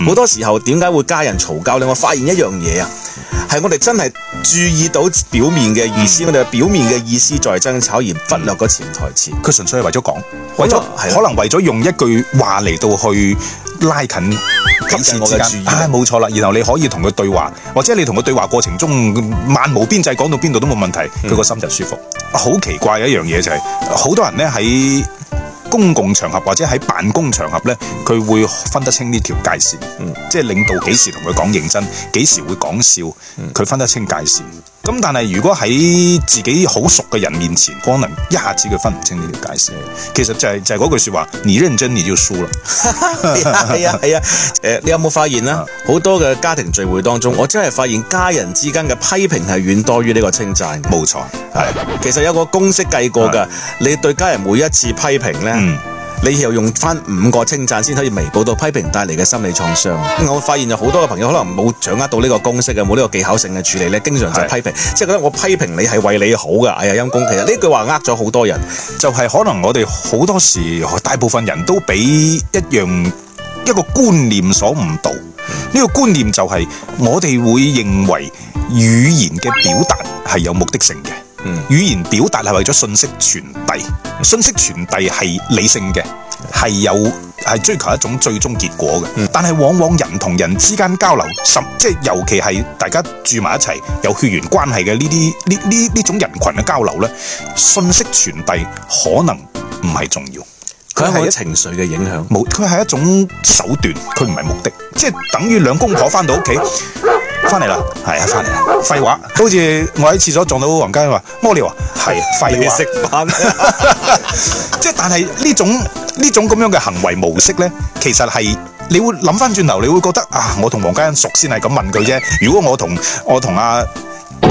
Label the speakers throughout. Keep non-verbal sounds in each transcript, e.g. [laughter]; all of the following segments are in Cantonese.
Speaker 1: 好多時候點解會家人嘈交咧？我發現一樣嘢啊，係我哋真係注意到表面嘅意思，我哋表面嘅意思在爭吵，而忽略個潛台詞。佢純粹係為
Speaker 2: 咗講，為咗可能為咗用一句話嚟到去拉近吸彼此之間。唉，冇錯啦。然後你可以同佢對話，或者你同佢對話過程中漫無邊際講到邊度都冇問題，佢個心就舒服。好奇怪嘅一樣嘢就係，好多人咧喺公共場合，或者喺辦公場合呢，佢會分得清呢條界線，嗯、即係領導幾時同佢講認真，幾時會講笑，佢、嗯、分得清界線。咁但係如果喺自己好熟嘅人面前，可能一下子佢分唔清呢條界線。
Speaker 1: 其實就係、是、就係、是、嗰句說話，你認真你就輸啦。係啊係啊，誒，你有冇發現咧？好、啊、多嘅家庭聚會當中，我真係發現家人之間嘅批評係遠多於呢個稱讚。冇錯，係。其實有個公式計過噶，啊、你對家人每一次批評咧，嗯你又用翻五個稱讚先可以彌補到批評帶嚟嘅心理創傷。我發現有好多嘅朋友可能冇掌握到呢個公式嘅，冇呢個技巧性嘅處理咧，經常就批評，是的 即係覺得我批評你係為你好嘅。哎呀，陰公，其實呢句話呃咗好多人，就係、是、可能我哋
Speaker 2: 好多時，大部分人都俾一樣一個觀念所誤導。呢、這個觀念就係我哋會認為語言嘅表達係有目的性嘅。語言表達係為咗信息傳遞，信息傳遞係理性嘅，係有係追求一種最終結果嘅。嗯，但係往往人同人之間交流，甚即係尤其係大家住埋一齊有血緣關係嘅呢啲呢呢種人群嘅交流咧，信息傳遞可能唔係重要，佢係情緒嘅影響，冇佢係一種手段，佢唔係目的，即係等於兩公婆返到屋企。翻嚟啦，係啊，翻嚟啦，廢話， [laughs] 好似我喺廁所撞到黃佳欣話，摸你話，係廢話，食飯，即係但係呢種呢種咁樣嘅行為模式咧，其實係你會諗翻轉頭，你會覺得啊，我同黃佳欣熟先係咁問佢啫。如果我同我同阿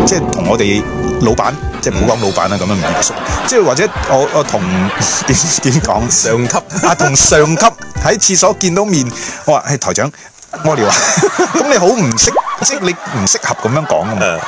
Speaker 2: 即係同我哋老闆，即係冇講老闆啦，咁樣唔熟，即係或者我我同點點講， [laughs] 說 [laughs] 上級同、 [laughs] 啊、上級喺廁所見到面，我話係台長。我哋話，咁你好唔適，即係你唔適合咁樣講啊嘛。